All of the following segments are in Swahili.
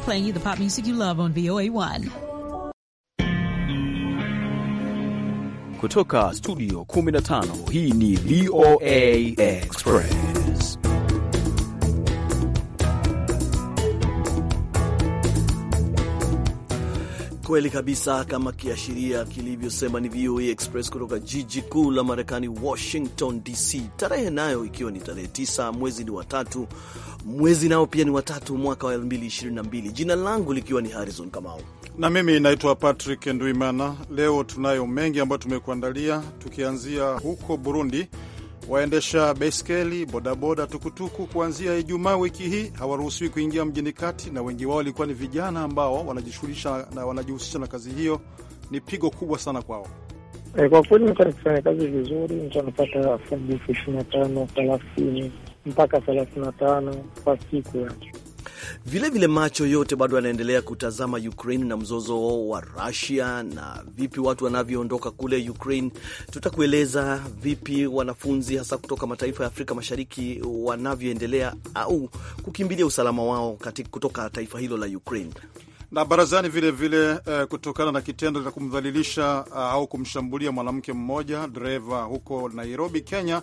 playing you the pop music you love on VOA1. Kutoka studio 15 hii ni VOA Express. kweli kabisa, kama kiashiria kilivyosema, ni VOA Express kutoka jiji kuu la Marekani, Washington DC, tarehe nayo ikiwa ni tarehe tisa, mwezi ni watatu, mwezi nao pia ni watatu, mwaka wa 222 jina langu likiwa ni Harrison Kamau na mimi naitwa Patrick nduimana Leo tunayo mengi ambayo tumekuandalia, tukianzia huko Burundi Waendesha baiskeli, bodaboda, tukutuku kuanzia Ijumaa wiki hii hawaruhusiwi kuingia mjini kati, na wengi wao walikuwa ni vijana ambao wanajishughulisha na wanajihusisha na kazi hiyo. Ni pigo kubwa sana kwao. E, kwa kweli mtu akifanya kazi vizuri mtu anapata elfu ishirini na tano thelathini mpaka thelathini na tano kwa siku yake. Vilevile vile macho yote bado yanaendelea kutazama Ukraine na mzozo wa rasia na vipi watu wanavyoondoka kule Ukraine. Tutakueleza vipi wanafunzi hasa kutoka mataifa ya Afrika Mashariki wanavyoendelea au kukimbilia usalama wao kutoka taifa hilo la Ukraine na barazani vilevile vile, uh, kutokana na kitendo cha kumdhalilisha uh, au kumshambulia mwanamke mmoja dereva huko Nairobi, Kenya,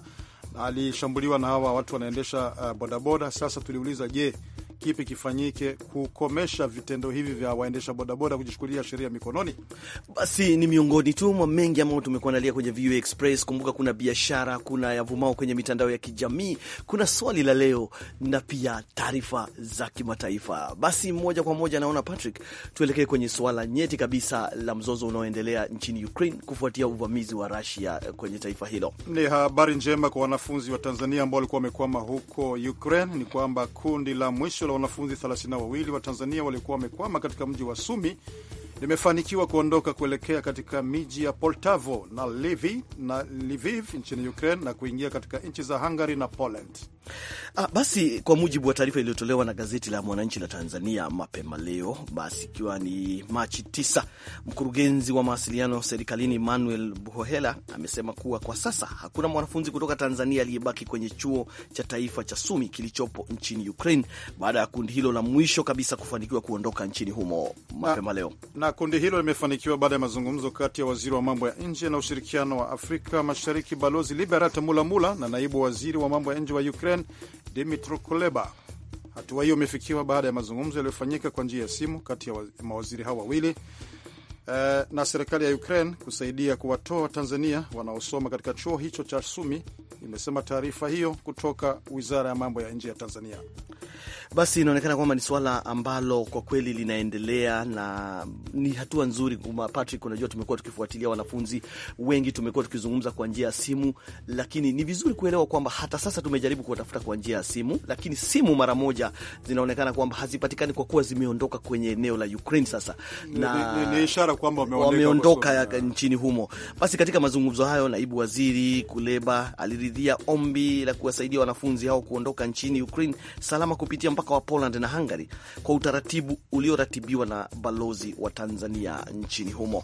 alishambuliwa na hawa watu wanaendesha uh, bodaboda. Sasa tuliuliza, je, kipi kifanyike kukomesha vitendo hivi vya waendesha bodaboda kujichukulia sheria mikononi? Basi ni miongoni tu mwa mengi ambayo tumekuandalia kwenye VOA Express. Kumbuka kuna biashara, kuna yavumao kwenye mitandao ya kijamii, kuna swali la leo na pia taarifa za kimataifa. Basi moja kwa moja, naona Patrick, tuelekee kwenye suala nyeti kabisa la mzozo unaoendelea nchini Ukraine kufuatia uvamizi wa Russia kwenye taifa hilo. Ni habari njema kwa wanafunzi wa Tanzania ambao walikuwa wamekwama huko Ukraine ni kwamba kundi la mwisho la wanafunzi 32 wa Tanzania waliokuwa wamekwama katika mji wa Sumi limefanikiwa kuondoka kuelekea katika miji ya Poltavo na Lviv na Lviv nchini Ukraine na kuingia katika nchi za Hungary na Poland. Ah, basi kwa mujibu wa taarifa iliyotolewa na gazeti la Mwananchi la Tanzania mapema leo, basi ikiwa ni Machi 9, mkurugenzi wa mawasiliano serikalini manuel Buhohela amesema kuwa kwa sasa hakuna mwanafunzi kutoka Tanzania aliyebaki kwenye chuo cha taifa cha Sumi kilichopo nchini Ukraine baada ya kundi hilo la mwisho kabisa kufanikiwa kuondoka nchini humo mapema leo. Na kundi hilo limefanikiwa baada ya mazungumzo kati ya waziri wa mambo ya nje na ushirikiano wa Afrika Mashariki Balozi Liberata Mulamula na naibu waziri wa mambo ya nje wa Ukraine Ukraine Dmytro Kuleba. Hatua hiyo imefikiwa baada ya mazungumzo yaliyofanyika kwa njia ya simu kati ya mawaziri hao wawili eh, na serikali ya Ukraine kusaidia kuwatoa Watanzania wanaosoma katika chuo hicho cha Sumi, imesema taarifa hiyo kutoka wizara ya mambo ya nje ya Tanzania. Basi inaonekana kwamba ni swala ambalo kwa kweli linaendelea na ni hatua nzuri. Patrick, unajua tumekuwa tukifuatilia wanafunzi wengi, tumekuwa tukizungumza kwa njia ya simu, lakini ni vizuri kuelewa kwamba hata sasa tumejaribu kuwatafuta kwa njia ya simu, lakini simu mara moja zinaonekana kwamba hazipatikani kwa kuwa zimeondoka kwenye eneo la Ukraine sasa, na ni ishara kwamba wameondoka nchini humo. Basi katika mazungumzo hayo, naibu waziri Kuleba aliridhia ombi la kuwasaidia wanafunzi hao kuondoka nchini Ukraine salama kupitia mpaka wa Poland na Hungary kwa utaratibu ulioratibiwa na balozi wa Tanzania nchini humo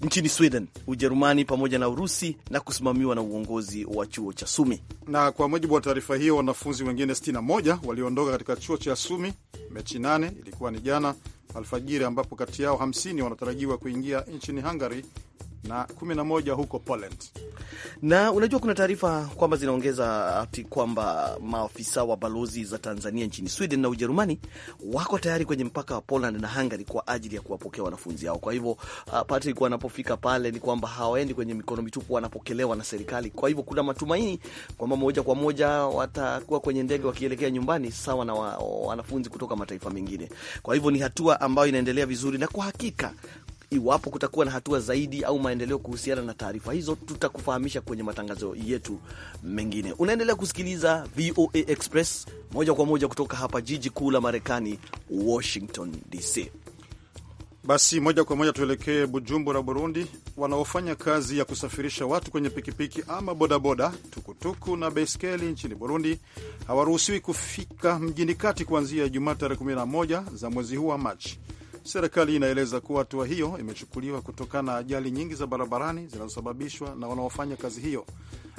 nchini Sweden, Ujerumani pamoja na Urusi na kusimamiwa na uongozi wa chuo cha Sumi. Na kwa mujibu wa taarifa hiyo, wanafunzi wengine 61 waliondoka katika chuo cha Sumi Mechi 8 ilikuwa ni jana alfajiri, ambapo kati yao 50 wanatarajiwa kuingia nchini Hungary na 11 huko Poland. Na unajua kuna taarifa kwamba zinaongeza ati kwamba maafisa wa balozi za Tanzania nchini Sweden na Ujerumani wako tayari kwenye mpaka wa Poland na Hungary kwa ajili ya kuwapokea wanafunzi hao. Kwa hivyo uh, Patrick, wanapofika pale ni kwamba hawaendi kwenye mikono mitupu, wanapokelewa na serikali. Kwa hivyo kuna matumaini kwamba moja kwa moja watakuwa kwenye ndege wakielekea nyumbani, sawa na wa, wanafunzi kutoka mataifa mengine. Kwa hivyo ni hatua ambayo inaendelea vizuri, na kwa hakika Iwapo kutakuwa na hatua zaidi au maendeleo kuhusiana na taarifa hizo, tutakufahamisha kwenye matangazo yetu mengine. Unaendelea kusikiliza VOA Express moja kwa moja kutoka hapa jiji kuu la Marekani, Washington DC. Basi moja kwa moja tuelekee Bujumbura, Burundi. Wanaofanya kazi ya kusafirisha watu kwenye pikipiki ama bodaboda, tukutuku na baiskeli nchini Burundi hawaruhusiwi kufika mjini kati kuanzia Ijumaa tarehe 11 za mwezi huu wa Machi. Serikali inaeleza kuwa hatua hiyo imechukuliwa kutokana na ajali nyingi za barabarani zinazosababishwa na wanaofanya kazi hiyo,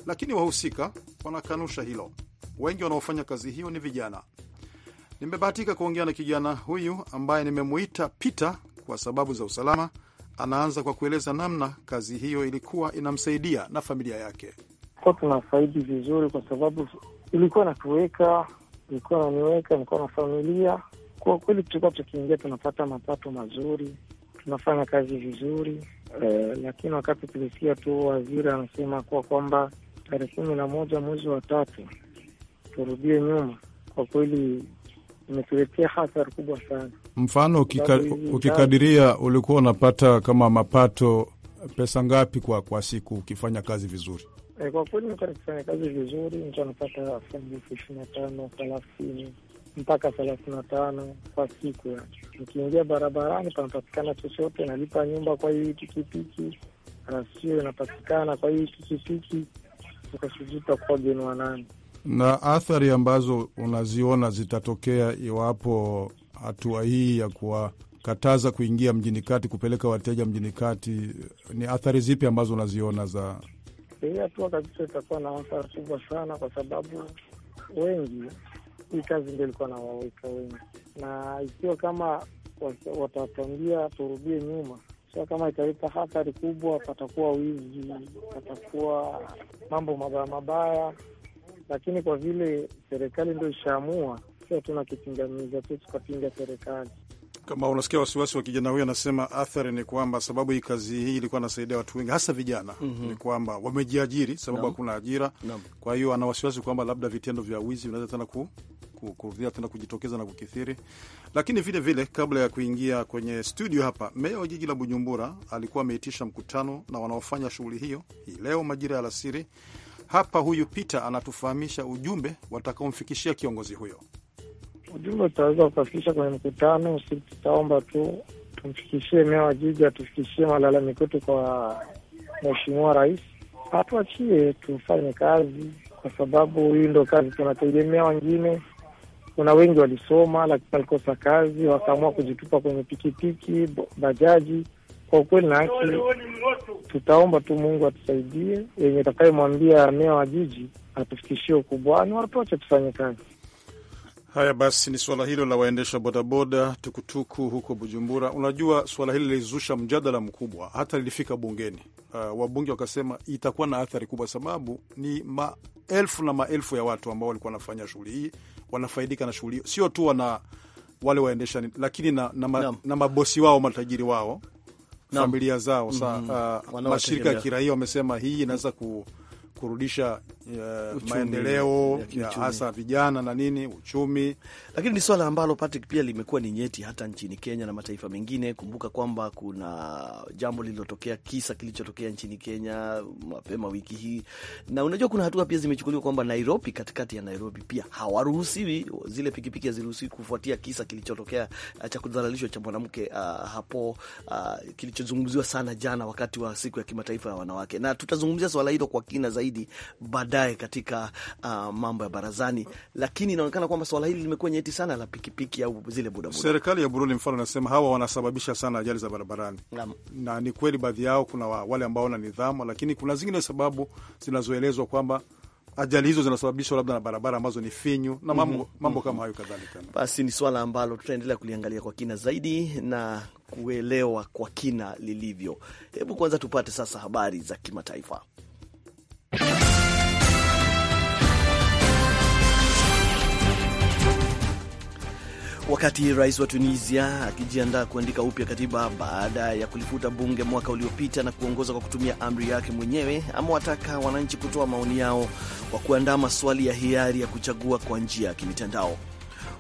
lakini wahusika wanakanusha hilo. Wengi wanaofanya kazi hiyo ni vijana. Nimebahatika kuongea na kijana huyu ambaye nimemuita Peter kwa sababu za usalama. Anaanza kwa kueleza namna kazi hiyo ilikuwa inamsaidia na familia yake. Kwa tunafaidi vizuri, kwa sababu ilikuwa natuweka, ilikuwa naniweka, nilikuwa na familia kwa kweli tulikuwa tukiingia tunapata mapato mazuri, tunafanya kazi vizuri eh, lakini wakati tulisikia tu waziri anasema kuwa kwamba tarehe kumi na moja mwezi wa tatu turudie nyuma, kwa kweli imetuletea hasara kubwa sana. Mfano ukika, ukikadiria ulikuwa unapata kama mapato pesa ngapi kwa kwa siku ukifanya kazi vizuri? E, kwa kweli nikifanya kazi vizuri mtu anapata elfu ishirini na tano thelathini mpaka thelathini na tano kwa siku ya. barabarani panapatikana chochote, nalipa nyumba kwa hii pikipiki, rasio inapatikana kwa hii pikipiki, ukashughulika kwa geni wanani na athari ambazo unaziona zitatokea iwapo hatua hii ya kuwakataza kuingia mjini kati kupeleka wateja mjini kati, ni athari zipi ambazo unaziona za hii hatua? Kabisa itakuwa na athari kubwa sana, kwa sababu wengi hii kazi ndio ilikuwa na waweka wengi, na ikiwa kama watatangia turudie nyuma sio kama italeta hatari kubwa, patakuwa wizi, patakuwa mambo mabaya mabaya, lakini kwa vile serikali ndio ishaamua, sio tuna kipingamiza tu tukapinga serikali kama unasikia wasiwasi wa kijana huyo, anasema athari ni kwamba sababu hii kazi hii ilikuwa inasaidia watu wengi, hasa vijana mm -hmm. ni kwamba wamejiajiri sababu hakuna ajira no. kwa hiyo ana wasiwasi kwamba labda vitendo vya wizi vinaweza tena ku, ku, kurudia tena kujitokeza na kukithiri. Lakini vile vile, kabla ya kuingia kwenye studio hapa, meya wa jiji la Bujumbura alikuwa ameitisha mkutano na wanaofanya shughuli hiyo hii leo majira ya alasiri. Hapa huyu Peter anatufahamisha ujumbe watakaomfikishia kiongozi huyo ujumbe utaweza kukafikisha kwenye mkutano. Si tutaomba tu tumfikishie mea wa jiji atufikishie malalamiko yetu kwa mheshimiwa rais, hatuachie tufanye kazi, kwa sababu hii ndo kazi tunategemea. Wengine kuna wengi walisoma, lakini walikosa kazi, wakaamua kujitupa kwenye pikipiki, bajaji. Kwa ukweli na haki, tutaomba tu Mungu atusaidie, yenye atakayemwambia mea wa jiji atufikishie ukubwani, watuache tufanye kazi. Haya basi, ni suala hilo la waendesha bodaboda tukutuku huko Bujumbura. Unajua, suala hili lilizusha mjadala mkubwa, hata lilifika bungeni. Uh, wabunge wakasema itakuwa na athari kubwa, sababu ni maelfu na maelfu ya watu ambao walikuwa wanafanya shughuli hii, wanafaidika na shughuli hiyo, sio tu wana wale waendesha, lakini na, na, ma, na mabosi wao, matajiri wao, familia zao. Sa, mm -hmm. uh, mashirika ya kiraia wamesema hii inaweza ku, kurudisha uh, maendeleo hasa vijana na nini uchumi, lakini ni swala ambalo Patrick pia limekuwa ni nyeti hata nchini Kenya na mataifa mengine. Kumbuka kwamba kuna jambo lililotokea, kisa kilichotokea nchini Kenya mapema wiki hii, na unajua kuna hatua pia zimechukuliwa kwamba Nairobi, katikati ya Nairobi pia hawaruhusiwi zile pikipiki haziruhusiwi, kufuatia kisa kilichotokea eh, cha kudhalilishwa cha mwanamke uh, hapo uh, kilichozungumziwa sana jana wakati wa siku ya kimataifa ya wanawake, na tutazungumzia swala hilo kwa kina zaidi baada baadaye katika uh, mambo ya barazani, lakini inaonekana kwamba swala hili limekuwa nyeti sana la pikipiki au zile bodaboda. Serikali ya Burundi mfano inasema hawa wanasababisha sana ajali za barabarani na, na ni kweli baadhi yao kuna wale ambao wana nidhamu, lakini kuna zingine sababu zinazoelezwa kwamba ajali hizo zinasababishwa labda na barabara ambazo ni finyu na mambo, mm -hmm. mambo mhm. kama hayo kadhalika. Basi ni swala ambalo tutaendelea kuliangalia kwa kina zaidi na kuelewa kwa kina lilivyo. Hebu kwanza tupate sasa habari za kimataifa. Wakati rais wa Tunisia akijiandaa kuandika upya katiba baada ya kulifuta bunge mwaka uliopita na kuongoza kwa kutumia amri yake mwenyewe, amewataka wananchi kutoa maoni yao kwa kuandaa maswali ya hiari ya kuchagua kwa njia ya kimitandao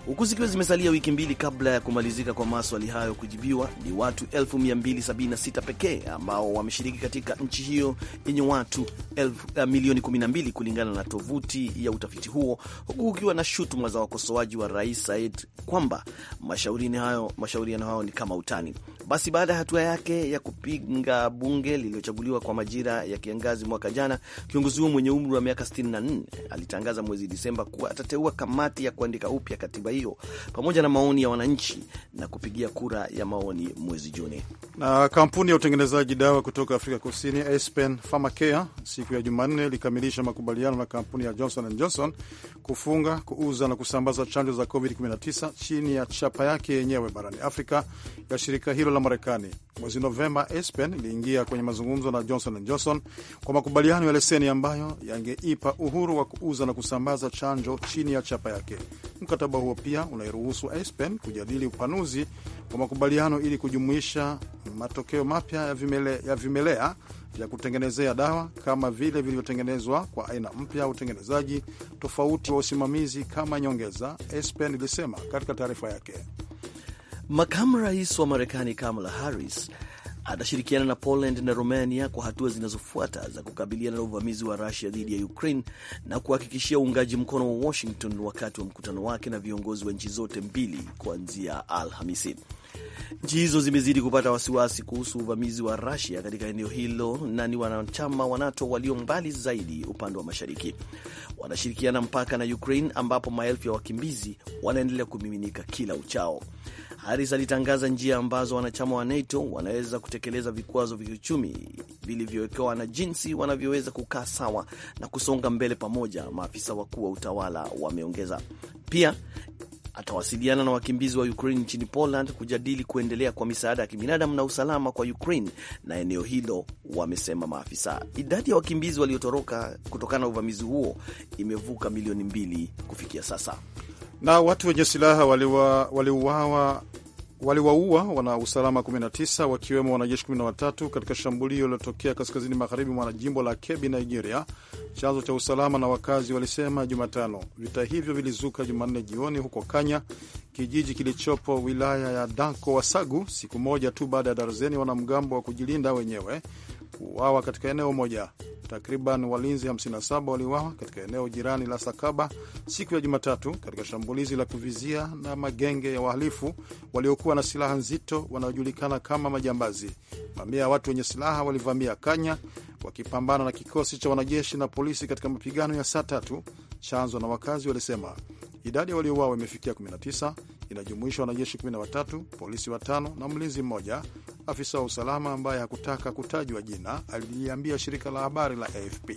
huku zikiwa zimesalia wiki mbili kabla ya kumalizika kwa maswali hayo kujibiwa. Ni watu 276 pekee ambao wameshiriki katika nchi hiyo yenye watu eh, milioni 12 kulingana na tovuti ya utafiti huo, huku ukiwa na shutuma za wakosoaji wa Rais Said kwamba mashauriano hayo, mashauriano hayo ni kama utani. Basi baada ya hatua yake ya kupinga bunge lililochaguliwa kwa majira ya kiangazi mwaka jana, kiongozi huo mwenye umri wa miaka 64 alitangaza mwezi Disemba kuwa atateua kamati ya kuandika upya katiba hotuba hiyo pamoja na maoni ya wananchi na kupigia kura ya maoni mwezi Juni. Na kampuni ya utengenezaji dawa kutoka Afrika Kusini Aspen Pharmacare siku ya Jumanne ilikamilisha makubaliano na kampuni ya Johnson and Johnson kufunga, kuuza na kusambaza chanjo za COVID-19 chini ya chapa yake yenyewe barani Afrika ya shirika hilo la Marekani. Mwezi Novemba, Aspen iliingia kwenye mazungumzo na Johnson and Johnson kwa makubaliano ya leseni ambayo yangeipa uhuru wa kuuza na kusambaza chanjo chini ya chapa yake. Mkataba huo pia unairuhusu ASPEN kujadili upanuzi wa makubaliano ili kujumuisha matokeo mapya ya, vimele, ya vimelea vya kutengenezea dawa kama vile vilivyotengenezwa kwa aina mpya, utengenezaji tofauti wa usimamizi kama nyongeza, ASPEN ilisema katika taarifa yake. Makamu rais wa Marekani Kamala Harris atashirikiana na Poland na Romania kwa hatua zinazofuata za kukabiliana na uvamizi wa Rusia dhidi ya Ukraine na kuhakikishia uungaji mkono wa Washington wakati wa mkutano wake na viongozi wa nchi zote mbili kuanzia Alhamisi. Nchi hizo zimezidi kupata wasiwasi kuhusu uvamizi wa Rusia katika eneo hilo na ni wanachama wa NATO walio mbali zaidi upande wa mashariki. Wanashirikiana mpaka na Ukraine ambapo maelfu ya wakimbizi wanaendelea kumiminika kila uchao. Haris alitangaza njia ambazo wanachama wa NATO wanaweza kutekeleza vikwazo vya uchumi vilivyowekewa na jinsi wanavyoweza kukaa sawa na kusonga mbele pamoja, maafisa wakuu wa utawala wameongeza. Pia atawasiliana na wakimbizi wa Ukraine nchini Poland kujadili kuendelea kwa misaada ya kibinadamu na usalama kwa Ukraine na eneo hilo, wamesema maafisa. Idadi ya wakimbizi waliotoroka kutokana na uvamizi huo imevuka milioni mbili kufikia sasa. Na watu wenye silaha waliwaua waliwaua wali wana usalama 19 wakiwemo wanajeshi 13 katika shambulio lilotokea kaskazini magharibi mwa jimbo la Kebbi, Nigeria, chanzo cha usalama na wakazi walisema Jumatano. Vita hivyo vilizuka Jumanne jioni huko Kanya, kijiji kilichopo wilaya ya Danko Wasagu, siku moja tu baada ya darzeni wanamgambo wa kujilinda wenyewe kuuawa katika eneo moja. Takriban walinzi 57 waliuawa katika eneo jirani la Sakaba siku ya Jumatatu katika shambulizi la kuvizia na magenge ya wahalifu waliokuwa na silaha nzito wanaojulikana kama majambazi. Mamia ya watu wenye silaha walivamia Kanya wakipambana na kikosi cha wanajeshi na polisi katika mapigano ya saa tatu, chanzo na wakazi walisema. Idadi ya waliouawa imefikia 19 inajumuisha wanajeshi 13, polisi watano na mlinzi mmoja. Afisa wa usalama ambaye hakutaka kutajwa jina aliliambia shirika la habari la AFP.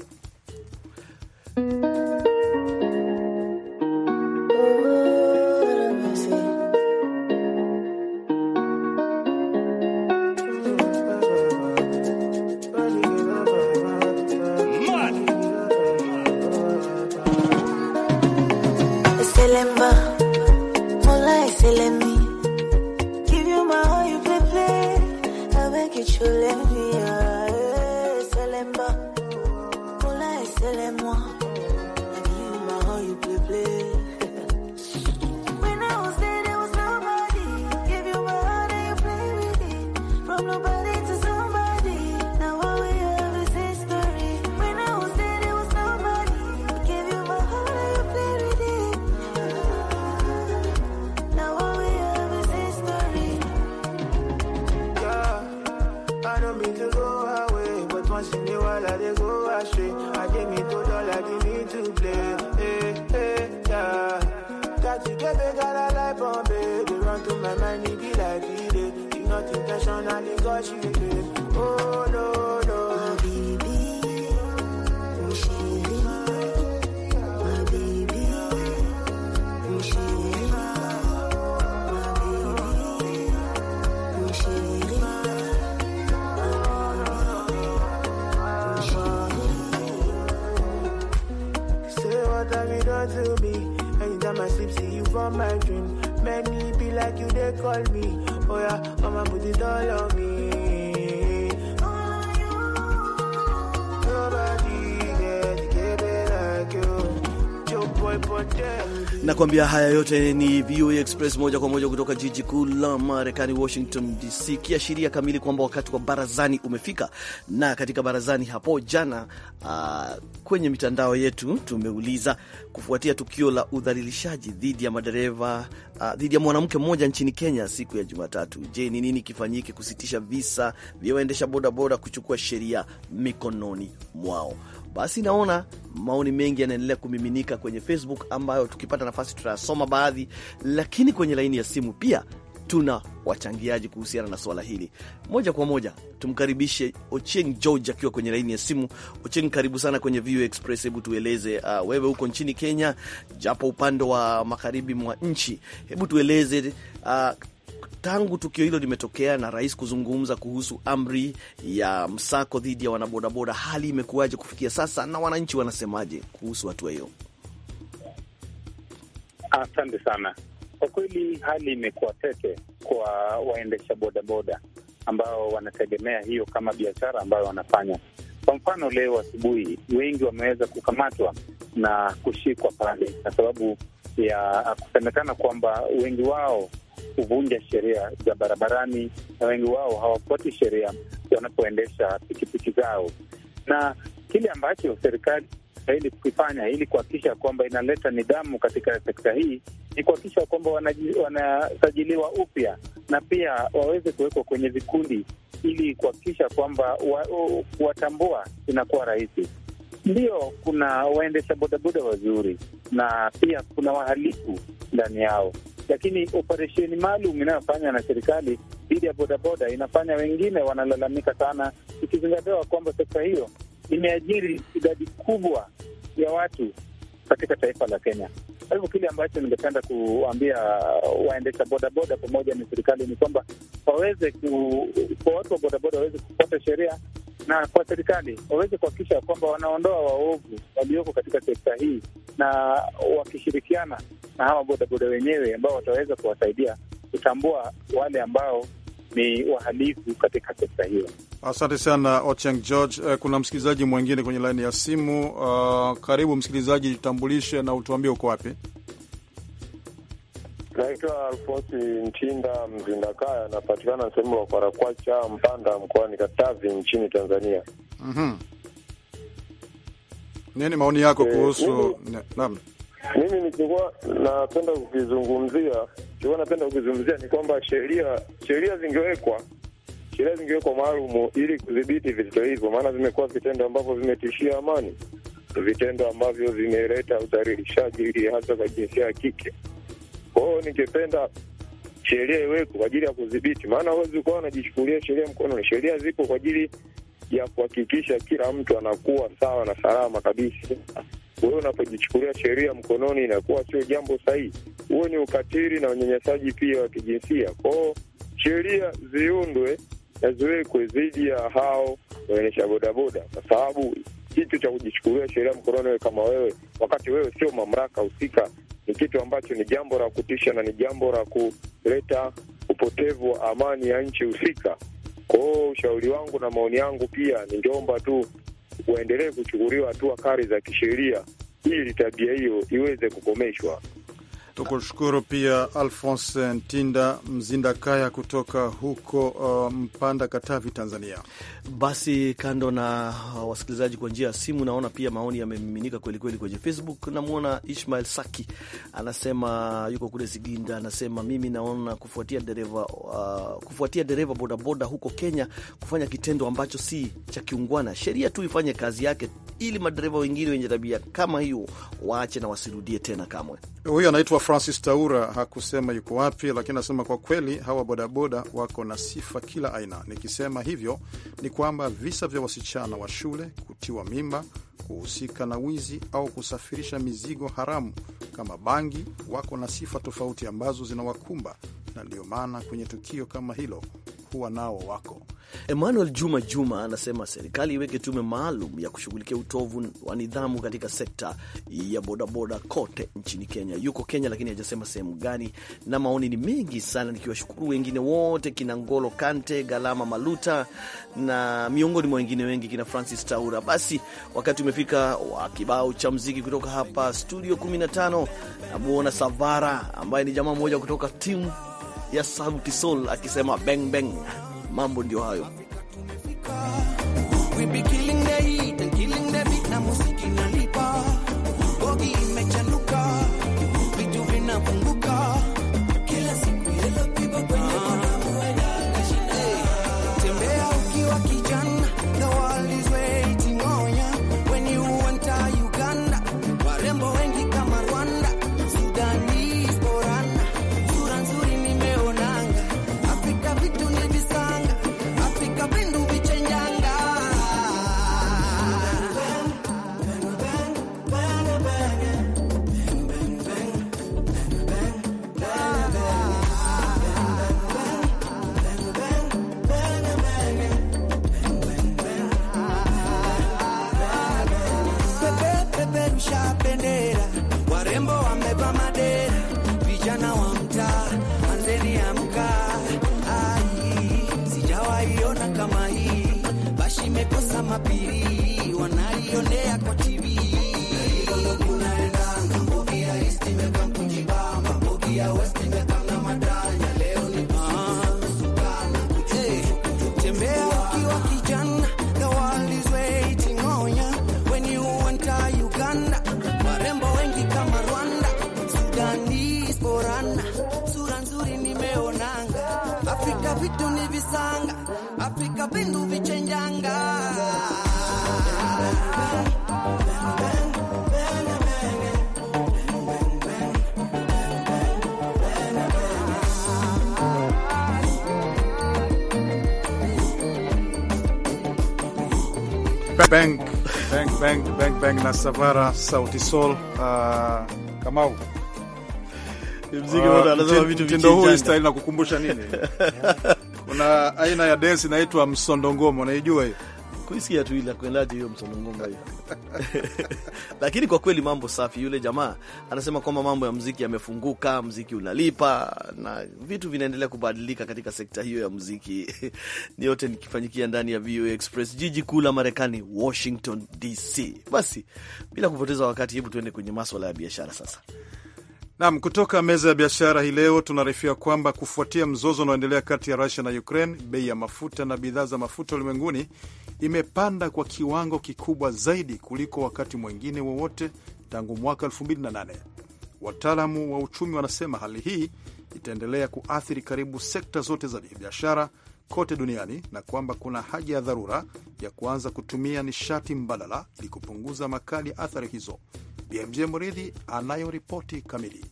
Nakwambia haya yote ni VOA Express moja kwa moja kutoka jiji kuu la Marekani, Washington DC, kiashiria kamili kwamba wakati wa barazani umefika. Na katika barazani hapo jana, uh, kwenye mitandao yetu tumeuliza kufuatia tukio la udhalilishaji dhidi ya madereva uh, dhidi ya mwanamke mmoja nchini Kenya siku ya Jumatatu. Je, ni nini kifanyike kusitisha visa vya waendesha bodaboda kuchukua sheria mikononi mwao? Basi naona maoni mengi yanaendelea kumiminika kwenye Facebook, ambayo tukipata nafasi tutayasoma baadhi, lakini kwenye laini ya simu pia tuna wachangiaji kuhusiana na swala hili moja kwa moja. Tumkaribishe Ocheng George akiwa kwenye laini ya simu. Ocheng, karibu sana kwenye VOA Express. Hebu tueleze, uh, wewe huko nchini Kenya japo upande wa magharibi mwa nchi, hebu tueleze uh, tangu tukio hilo limetokea na rais kuzungumza kuhusu amri ya msako dhidi ya wanabodaboda, hali imekuwaje kufikia sasa na wananchi wanasemaje kuhusu hatua hiyo? Asante sana. Kwa kweli hali imekuwa tete kwa waendesha bodaboda ambao wanategemea hiyo kama biashara ambayo wanafanya. Kwa mfano, leo asubuhi wengi wameweza kukamatwa na kushikwa pale, kwa sababu ya kusemekana kwamba wengi wao kuvunja sheria za barabarani, na wengi wao hawafuati sheria wanapoendesha pikipiki zao. Na kile ambacho serikali ili kukifanya ili kuhakikisha kwamba inaleta nidhamu katika sekta hii ni kuhakikisha kwamba wanasajiliwa upya na pia waweze kuwekwa kwenye vikundi ili kuhakikisha kwamba kuwatambua inakuwa rahisi. ndio kuna waendesha bodaboda wazuri na pia kuna wahalifu ndani yao, lakini operesheni maalum inayofanywa na serikali dhidi ya bodaboda inafanya wengine wanalalamika sana, ikizingatiwa kwamba sekta hiyo imeajiri idadi kubwa ya watu katika taifa la Kenya. Kwa hivyo kile ambacho ningependa kuambia waendesha bodaboda pamoja na serikali ni kwamba waweze ku, kwa watu wa bodaboda waweze kufuata sheria na kwa serikali waweze kuhakikisha kwamba wanaondoa waovu walioko katika sekta hii, na wakishirikiana na hawa bodaboda wenyewe ambao wataweza kuwasaidia kutambua wale ambao ni wahalifu katika sekta hiyo. Asante sana Ocheng George. Eh, kuna msikilizaji mwingine kwenye laini ya simu. Uh, karibu msikilizaji, jitambulishe na utuambie uko wapi. Naitwa Alfonsi Ntinda Mzindakaya, anapatikana sehemu wa Kwarakwacha, Mpanda, mkoani Katavi, nchini Tanzania. mm -hmm. Nini maoni yako eh, kuhusu e, mimi nilikuwa napenda kukizungumzia, nilikuwa napenda kukizungumzia ni kwamba sheria sheria zingewekwa sheria zingewekwa maalumu ili kudhibiti vitendo hivyo, maana vimekuwa vitendo ambavyo vimetishia amani, vitendo ambavyo vimeleta udhalilishaji hasa kwa jinsia ya kike. Kwa hiyo ningependa sheria iwekwe kwa ajili ya kudhibiti, maana huwezi ukawa unajichukulia sheria mkononi. Sheria zipo kwa ajili ya kuhakikisha kila mtu anakuwa sawa na salama kabisa. Wewe unapojichukulia sheria mkononi, inakuwa sio jambo sahihi. Huo ni ukatili na unyanyasaji pia wa kijinsia. Kwao sheria ziundwe na ziwekwe dhidi ya hao waendesha bodaboda, kwa sababu kitu cha kujichukulia sheria mkononi wewe kama wewe, wakati wewe sio mamlaka husika ni kitu ambacho ni jambo la kutisha na ni jambo la kuleta upotevu wa amani ya nchi husika. Kwa hiyo ushauri wangu na maoni yangu pia, ningeomba tu waendelee kuchukuliwa hatua kali za kisheria ili tabia hiyo iweze kukomeshwa. Tukushukuru pia Alphonse Ntinda kaya kutoka huko uh, Mpanda, Katavi, Tanzania. Basi kando na uh, wasikilizaji kwa njia ya simu, naona pia maoni yamemiminika kwelikweli kwenye Facebook. Namwona Ishmael Saki anasema yuko kule Siginda, anasema mimi naona kufuatia dereva uh, kufuatia dereva bodaboda huko Kenya kufanya kitendo ambacho si cha kiungwana, sheria tu ifanye kazi yake, ili madereva wengine wenye tabia kama hiyo waache na wasirudie tena kamwe. Huyo anaitwa Francis Taura hakusema yuko wapi, lakini anasema kwa kweli hawa bodaboda wako na sifa kila aina. Nikisema hivyo ni kwamba visa vya wasichana wa shule kutiwa mimba, kuhusika na wizi au kusafirisha mizigo haramu kama bangi, wako na sifa tofauti ambazo zinawakumba, na ndiyo maana kwenye tukio kama hilo kuwa nao wako. Emmanuel Juma Juma anasema serikali iweke tume maalum ya kushughulikia utovu wa nidhamu katika sekta ya bodaboda kote nchini Kenya. Yuko Kenya lakini hajasema sehemu gani, na maoni ni mengi sana, nikiwashukuru wengine wote, kina Ngolo Kante, Galama Maluta na miongoni mwa wengine wengi, kina Francis Taura. Basi wakati umefika wa kibao cha mziki kutoka hapa studio 15. Namuona Savara ambaye ni jamaa mmoja kutoka timu ya Sauti Sol akisema bang bang. Mambo ndio hayo. bisanga Afrika bindu vichenjanga Bang, bang, bang, bang, bang na Savara Sauti Sol uh, Kamau mziki uh, mtindo huu style na kukumbusha nini? kuna aina ya densi inaitwa msondongomo, naijua hiyo? Kuisikia tu ila kwendaje hiyo msondongoma hiyo lakini kwa kweli mambo safi. Yule jamaa anasema kwamba mambo ya mziki yamefunguka, mziki unalipa na vitu vinaendelea kubadilika katika sekta hiyo ya mziki ni yote nikifanyikia ndani ya VOA Express, jiji kuu la Marekani, Washington DC. Basi bila kupoteza wakati, hebu tuende kwenye maswala ya biashara sasa. Nam, kutoka meza ya biashara hii leo tunaarifia kwamba kufuatia mzozo unaoendelea kati ya Rusia na Ukraine, bei ya mafuta na bidhaa za mafuta ulimwenguni imepanda kwa kiwango kikubwa zaidi kuliko wakati mwingine wowote tangu mwaka 2008. Wataalamu wa uchumi wanasema hali hii itaendelea kuathiri karibu sekta zote za biashara kote duniani na kwamba kuna haja ya dharura ya kuanza kutumia nishati mbadala ili kupunguza makali ya athari hizo. BMJ Muridhi ripoti kamili.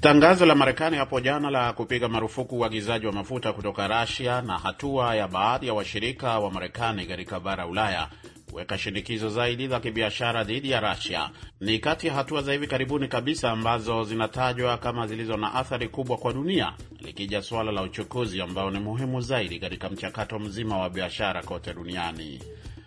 Tangazo la Marekani hapo jana la kupiga marufuku uagizaji wa, wa mafuta kutoka Rasia na hatua ya baadhi ya washirika wa, wa Marekani katika bara Ulaya kuweka shinikizo zaidi za kibiashara dhidi ya Russia ni kati ya hatua za hivi karibuni kabisa ambazo zinatajwa kama zilizo na athari kubwa kwa dunia, likija suala la uchukuzi ambao ni muhimu zaidi katika mchakato mzima wa biashara kote duniani.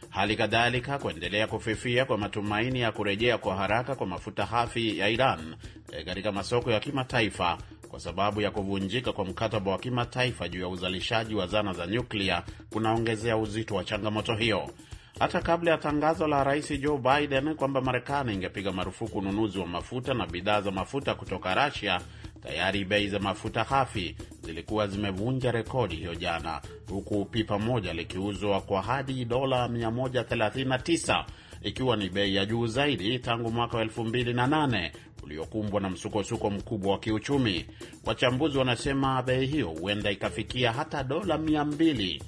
Hali kadhalika kuendelea kufifia kwa matumaini ya kurejea kwa haraka kwa mafuta hafi ya Iran eh, katika masoko ya kimataifa kwa sababu ya kuvunjika kwa mkataba wa kimataifa juu ya uzalishaji wa zana za nyuklia kunaongezea uzito wa changamoto hiyo hata kabla ya tangazo la Rais Joe Biden kwamba Marekani ingepiga marufuku ununuzi wa mafuta na bidhaa za mafuta kutoka Rasia. Tayari bei za mafuta ghafi zilikuwa zimevunja rekodi hiyo jana, huku pipa moja likiuzwa kwa hadi dola 139 ikiwa ni bei ya juu zaidi tangu mwaka wa 2008 uliokumbwa na msukosuko mkubwa wa kiuchumi. Wachambuzi wanasema bei hiyo huenda ikafikia hata dola 200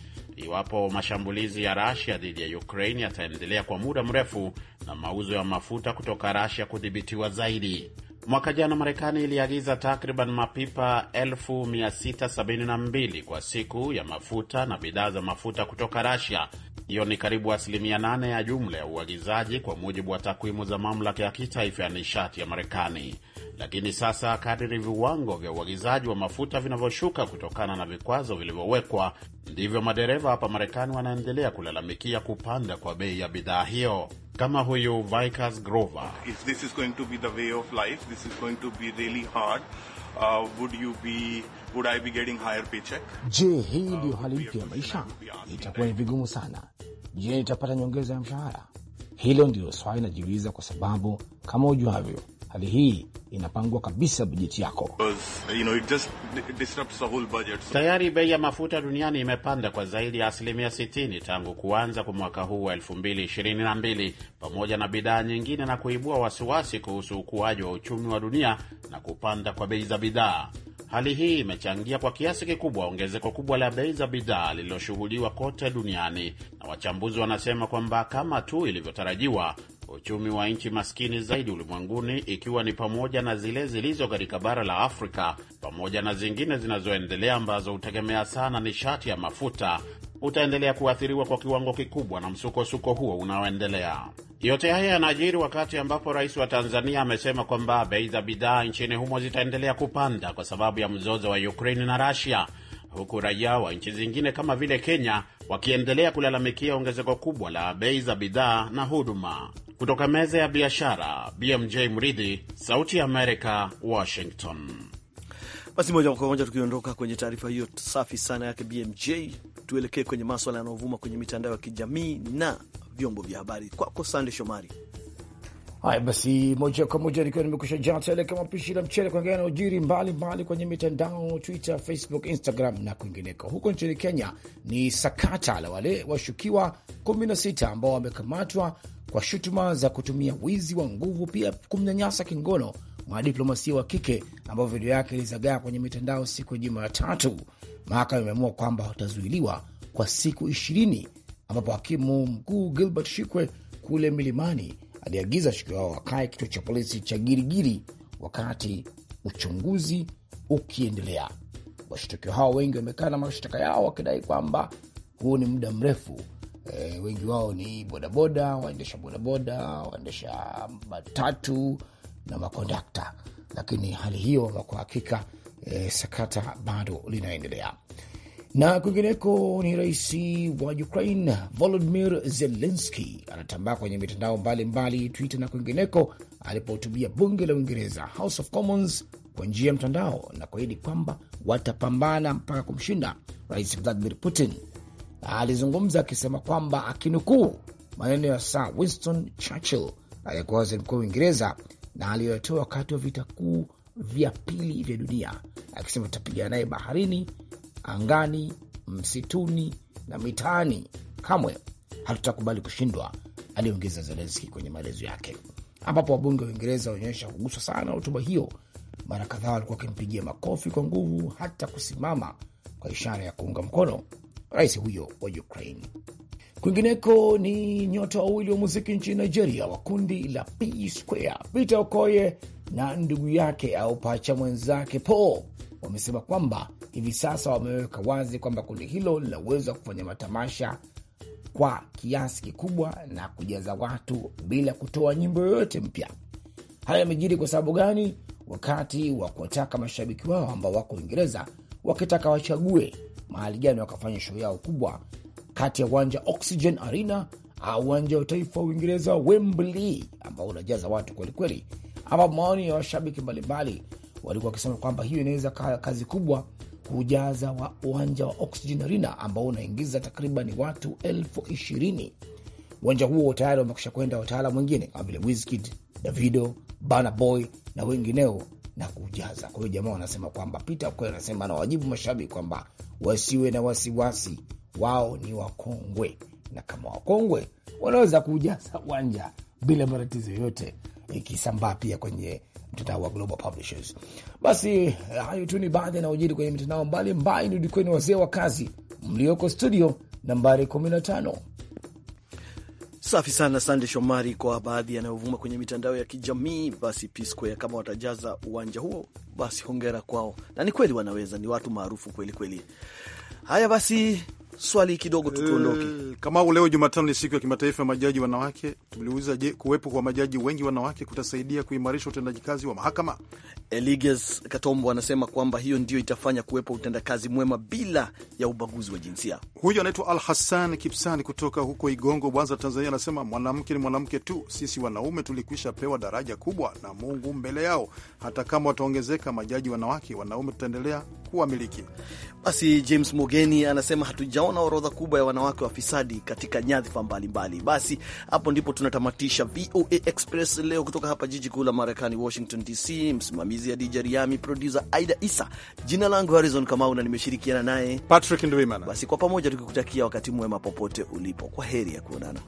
iwapo mashambulizi ya Rasia dhidi ya Ukraini yataendelea kwa muda mrefu na mauzo ya mafuta kutoka Rasia kudhibitiwa zaidi. Mwaka jana Marekani iliagiza takriban mapipa 672 kwa siku ya mafuta na bidhaa za mafuta kutoka Rasia hiyo ni karibu asilimia nane ya jumla ya uagizaji kwa mujibu wa takwimu za mamlaka ya kitaifa ya nishati ya Marekani. Lakini sasa kadiri viwango vya uagizaji wa mafuta vinavyoshuka kutokana na vikwazo vilivyowekwa, ndivyo madereva hapa Marekani wanaendelea kulalamikia kupanda kwa bei ya bidhaa hiyo, kama huyu Vikas Grover. If this is going to be the way of life, this is going to be really hard. Uh, would you be Would I be getting higher paycheck? Je, hii uh, ndiyo hali mpya ya maisha? Itakuwa ni vigumu sana. Je, nitapata nyongeza ya mshahara? Hilo ndiyo swali najiuliza, kwa sababu kama ujuavyo, hali hii inapangua kabisa bajeti yako. You know, so... tayari bei ya mafuta duniani imepanda kwa zaidi ya asilimia 60 tangu kuanza kwa mwaka huu wa 2022 pamoja na bidhaa nyingine, na kuibua wasiwasi kuhusu ukuaji wa uchumi wa dunia na kupanda kwa bei za bidhaa. Hali hii imechangia kwa kiasi kikubwa ongezeko kubwa la bei za bidhaa lililoshuhudiwa kote duniani, na wachambuzi wanasema kwamba kama tu ilivyotarajiwa, uchumi wa nchi maskini zaidi ulimwenguni, ikiwa ni pamoja na zile zilizo katika bara la Afrika pamoja na zingine zinazoendelea ambazo hutegemea sana nishati ya mafuta, utaendelea kuathiriwa kwa kiwango kikubwa na msukosuko huo unaoendelea. Yote haya yanajiri wakati ambapo rais wa Tanzania amesema kwamba bei za bidhaa nchini humo zitaendelea kupanda kwa sababu ya mzozo wa Ukraini na Rusia, huku raia wa nchi zingine kama vile Kenya wakiendelea kulalamikia ongezeko kubwa la bei za bidhaa na huduma. Kutoka meza ya biashara, BMJ Mridhi, Sauti ya Amerika, Washington. Basi moja kwa moja tukiondoka kwenye taarifa hiyo safi sana yake BMJ, tuelekee kwenye maswala yanayovuma kwenye mitandao ya kijamii na vyombo vya habari. Kwako Sande Shomari. Haya basi, moja kwa moja nikiwa nimekusha jaa tele kama pishi la mchele kuangalia na ujiri mbalimbali kwenye mitandao Twitter, Facebook, Instagram na kwingineko. Huko nchini Kenya ni sakata la wale washukiwa 16 ambao wamekamatwa kwa shutuma za kutumia wizi wa nguvu, pia kumnyanyasa kingono mwanadiplomasia wa kike ambayo video yake ilizagaa kwenye mitandao siku ya Jumatatu. Mahakama imeamua kwamba watazuiliwa kwa siku ishirini, ambapo hakimu mkuu Gilbert Shikwe kule Milimani aliagiza washukiwa wao wakae kituo cha polisi cha Girigiri wakati uchunguzi ukiendelea. Washtakiwa hao wengi wamekaa na mashtaka yao wakidai kwamba huu ni muda mrefu. E, wengi wao ni bodaboda, waendesha bodaboda, waendesha matatu na makondakta, lakini hali hiyo kwa hakika e, sakata bado linaendelea. Na kwingineko ni rais wa Ukraine Volodimir Zelenski anatambaa kwenye mitandao mbalimbali, Twitter na kwingineko, alipohutubia bunge la Uingereza, House of Commons, kwa njia ya mtandao na kuahidi kwamba watapambana mpaka kumshinda Rais Vladimir Putin. Alizungumza akisema kwamba akinukuu maneno ya Sir Winston Churchill aliyekuwa waziri mkuu wa Uingereza na aliyoyatoa wakati wa vita kuu vya pili vya dunia, akisema tutapigana naye baharini, angani, msituni na mitaani, kamwe hatutakubali kushindwa, aliongeza Zelenski kwenye maelezo yake, ambapo wabunge wa Uingereza walionyesha kuguswa sana hotuba hiyo. Mara kadhaa walikuwa wakimpigia makofi kwa nguvu, hata kusimama kwa ishara ya kuunga mkono rais huyo wa Ukraine. Kwingineko ni nyota wawili wa muziki nchini Nigeria wa kundi la P Square, Peter Okoye na ndugu yake au pacha mwenzake Paul wamesema kwamba hivi sasa wameweka wazi kwamba kundi hilo lina uwezo wa kufanya matamasha kwa kiasi kikubwa na kujaza watu bila kutoa nyimbo yoyote mpya. Haya yamejiri kwa sababu gani? Wakati wa kuwataka mashabiki wao ambao wako Uingereza wakitaka wachague mahali gani wakafanya show yao kubwa kati ya uwanja Oxygen Arena au uwanja wa taifa wa Uingereza Wembley, ambao unajaza watu kwelikweli, ambapo maoni ya washabiki mbalimbali walikuwa wakisema kwamba hiyo inaweza kazi kubwa kujaza wa uwanja wa Oxygen Arena ambao unaingiza takriban watu elfu ishirini. Uwanja huo tayari wamekusha kwenda wataalam wengine kama vile Wizkid, Davido, Burna Boy na wengineo na kujaza. Kwa hiyo jamaa wanasema kwamba Peter Okoye anasema anawajibu mashabiki kwamba wasiwe na wasiwasi wasi wao ni wakongwe, na kama wakongwe wanaweza kujaza uwanja bila matatizo yoyote, ikisambaa pia kwenye mtandao wa Global Publishers. Basi hayo tu ni baadhi yanayojiri kwenye mitandao mbalimbali. Nirudi ni wazee wa kazi mlioko studio nambari 15. Safi sana, sande Shomari, kwa baadhi yanayovuma kwenye mitandao ya kijamii. Basi P-Square kama watajaza uwanja huo, basi hongera kwao, na ni kweli wanaweza, ni watu maarufu kweli kweli. Haya basi swali kidogo tutuondoke. E, eh, kama leo Jumatano ni siku ya kimataifa ya majaji wanawake. Tuliuliza, je, kuwepo kwa majaji wengi wanawake kutasaidia kuimarisha utendaji kazi wa mahakama? Eliges Katombo anasema kwamba hiyo ndio itafanya kuwepo utendakazi mwema bila ya ubaguzi wa jinsia. Huyu anaitwa Al Hassan Kipsani kutoka huko Igongo, Mwanza, Tanzania, anasema mwanamke ni mwanamke tu, sisi wanaume tulikwisha pewa daraja kubwa na Mungu mbele yao. Hata kama wataongezeka majaji wanawake, wanaume tutaendelea kuwamiliki. Basi James Mogeni anasema hatuja tunaona orodha kubwa ya wanawake wafisadi katika nyadhifa mbalimbali. Basi hapo ndipo tunatamatisha VOA Express leo kutoka hapa jiji kuu la Marekani, Washington DC. Msimamizi Adija Riami, produsa Aida Isa, jina langu Harizon Kamau na nimeshirikiana naye Patrick Ndwimana. Basi kwa pamoja tukikutakia wakati mwema popote ulipo, kwa heri ya kuonana.